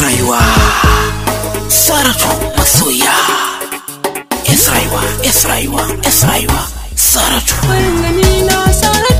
rayuwa saratu masoya es rayuwa es rayuwa es rayuwa saratu farin gani na saratu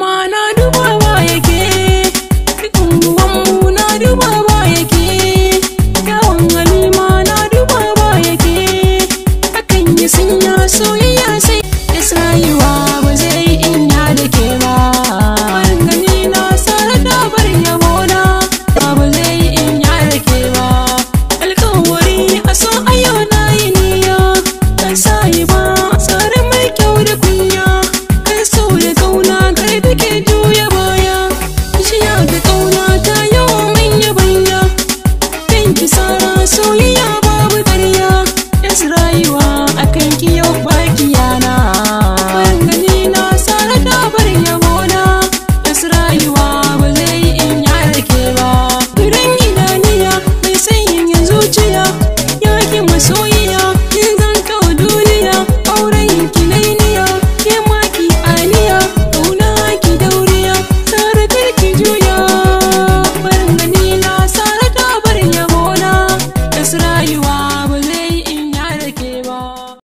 mananana.